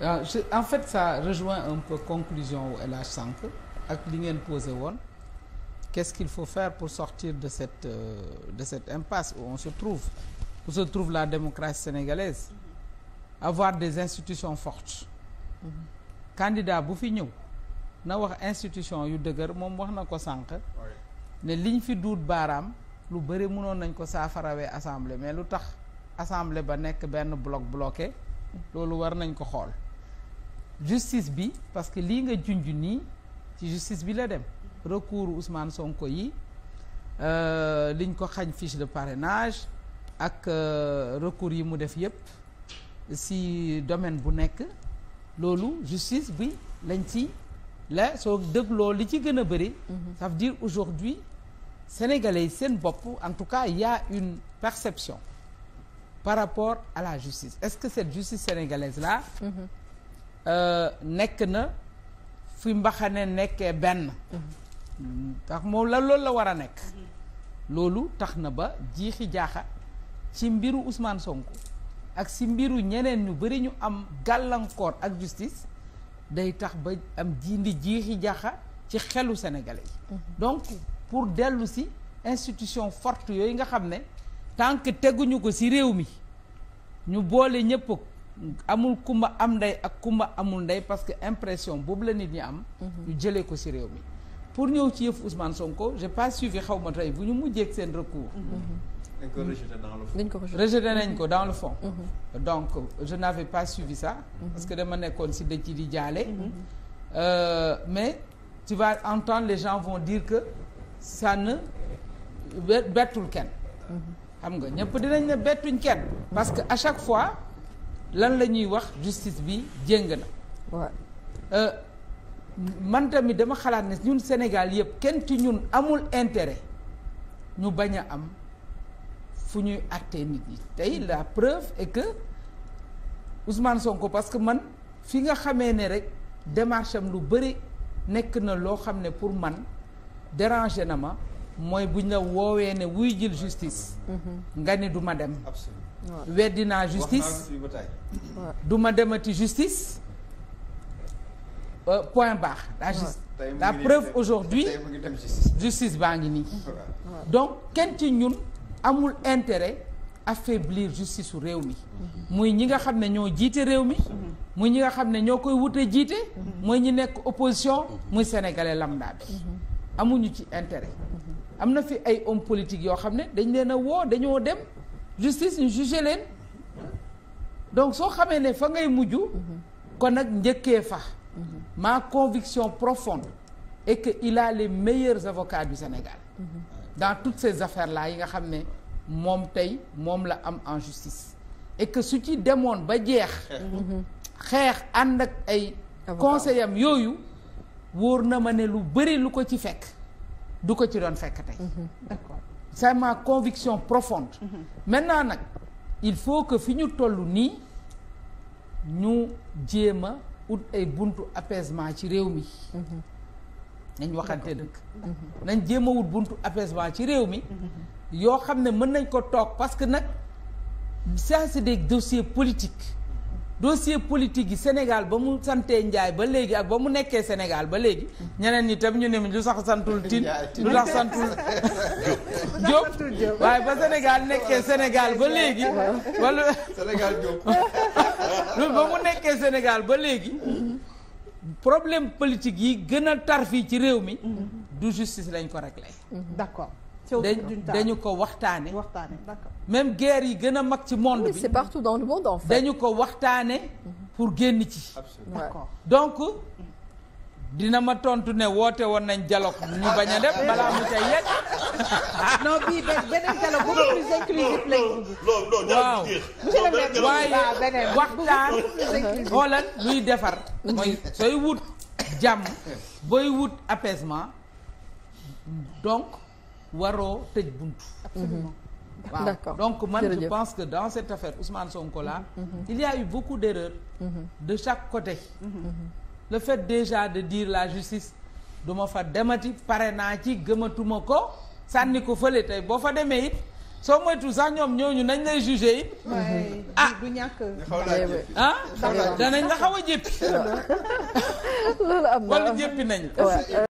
waaw euh, en fait ça rejoint un peu conclusion wu El Hadj Sànq ak li ngeen posé woon qu'est-ce qu'il faut faire pour sortir de cette euh, de cette impasse où on se trouve où se trouve la démocratie sénégalaise avoir des institutions fortes mm bu fi ñëw na wax institution yu dëgër moom wax na ko sànq ne liñ fi duut baaraam lu bëri mënoon nañ ko saafarawee assemblée mais lu tax assemblée ba nekk benn bloc bloqué loolu war nañ ko xool justice bi parce que lii nga junj nii ci justice bi la dem recours Ousmane Sonko yi euh, liñ ko xañ fiche de parrainage ak euh, recours yi mu def yépp si domaine bu nekk loolu justice bi lañ ci la soo dégloo li ci gën a bëri mhm. ça veut dire aujourd'hui sénégalais yi seen bopp en tout cas il y a une perception par rapport à la justice est-ce que cette justice sénégalaise là mhm. Euh, nekk na fi mbaxane nekkee benn ndax moom la loolu la war a nekk loolu tax na ba jiixi jaaxa ci mbiru Ousmane Sonko ak ci mbiru ñeneen ñu bari ñu am gàllankoor ak justice day tax ba am jindi jiixi jaaxa ci xelu sénégalais yi donc pour dellu si institution fort yooyu nga xam ne tant que teguñu ko si réew mi ñu boole ñëpp amul kumba am ndey ak kumba amul ndey parce que impression boobu la nit ñi am. Mhm. ñu jëlee ko ci réew mi. pour ñëw ci yëf Ousmane Sonko je pas suivi xaw ma tey bu ñu mujjee seen recours. Mhm. Mhm. dañ ko rejeté dans le fond. dañ ko dans le fond. donc je n'avais pas suivi ça. parce que dama nekkoon ci dëj yi di jaale. Euh, mais tu vas entendre les gens vont dire que sànn ne bettul kenn. xam nga ñëpp dinañ ne bettuñ kenn. parce que à chaque fois. lan la ñuy wax justice bi jéng na euh, man tamit dama xalaat ne ñun Sénégal yëpp kenn ci ñun amul intérêt ñu bañ a am fu ñuy àttee nit ñi tey la preuve est que Ousmane Sonko parce que man fi nga xamee ne rek démarche am lu bëri nekk na loo xam ne pour man déranger na ma mooy buñ la woowee ne wuy jël justice mhm. nga ni du ma dem weddi naa justice du ma demati justice euh, point barre la justice la preuve aujourd'hui justice baa ngi nii donc kenn ci ñun amul intérêt affaiblir justice su réew mi mhm. muy ñi nga xam ne ñoo jiite réew mi mhm. muy ñi nga xam ne ñoo koy wute jiite mooy ñi nekk opposition muy sénégalais lambda bi amuñu ci intérêt am na fi ay hommes politiques yoo xam ne dañ leen a woo dañoo dem justice ñu jugé leen donc soo xamee ne fa ngay mujj kon nag njëkkee fa ma conviction profonde est que il a les meilleurs avocats du Sénégal mm -hmm. dans toutes ces affaires là yi nga xam ne moom tey moom la am en justice et que su ci demoon ba jeex xeex ànd ak ay conseil am yooyu wóor na ma ne lu bëri lu ko ci fekk du ko ci doon fekk tey. Mhm. d'accord c'est ma conviction profonde. Mhm. maintenant nag il faut que fi ñu toll nii ñu jéem a ut ay buntu apaisement ci réew mi. Mhm. nañ waxante dëgg. nañ jéem a wut buntu apaisement ci réew mi. yoo xam ne mën nañ ko toog parce que nag ça c'est des dossiers politiques. dossier politique yi Sénégal ba mu santee njaay ba léegi ak ba mu nekkee Sénégal ba léegi ñeneen ñi tam ñu ne lu sax santul tin lu tax santul Diop waaye ba Sénégal nekkee Sénégal ba léegi wala Sénégal Diop ba mu nekkee Sénégal ba léegi problème politique yi gën a tar fii ci réew mi du justice lañ ko réglé d'accord dañu ko waxtaane waxtaane d'accord même guerre yi gën a mag ci monde bi c'est partout dans le dañu ko waxtaane mhm. pour génn ci d'accord donc dina ma tontu ne woote woon nañ dialogue ñu bañ a dem balaa mu tey yegg. waaw waaye waxtaan xoolal luy defar. mooy sooy wut jàmm booy wut apaisement donc. waroo tëj buntu. absolument waaw donc man je pense que dans cette affaire usman Sonko là. Mm-hmm. Mm-hmm. il y a eu mm-hmm. de chaque côté. le fait déjà de dire la justice duma fa demati pare naa ci gëmatuma ko sànni ko fële tey boo fa demee it. soo moytu sax ñoom ñooñu nañ lay jugé yi ah du ñàkk ah danañ nga xaw a jéppi ah? loolu am na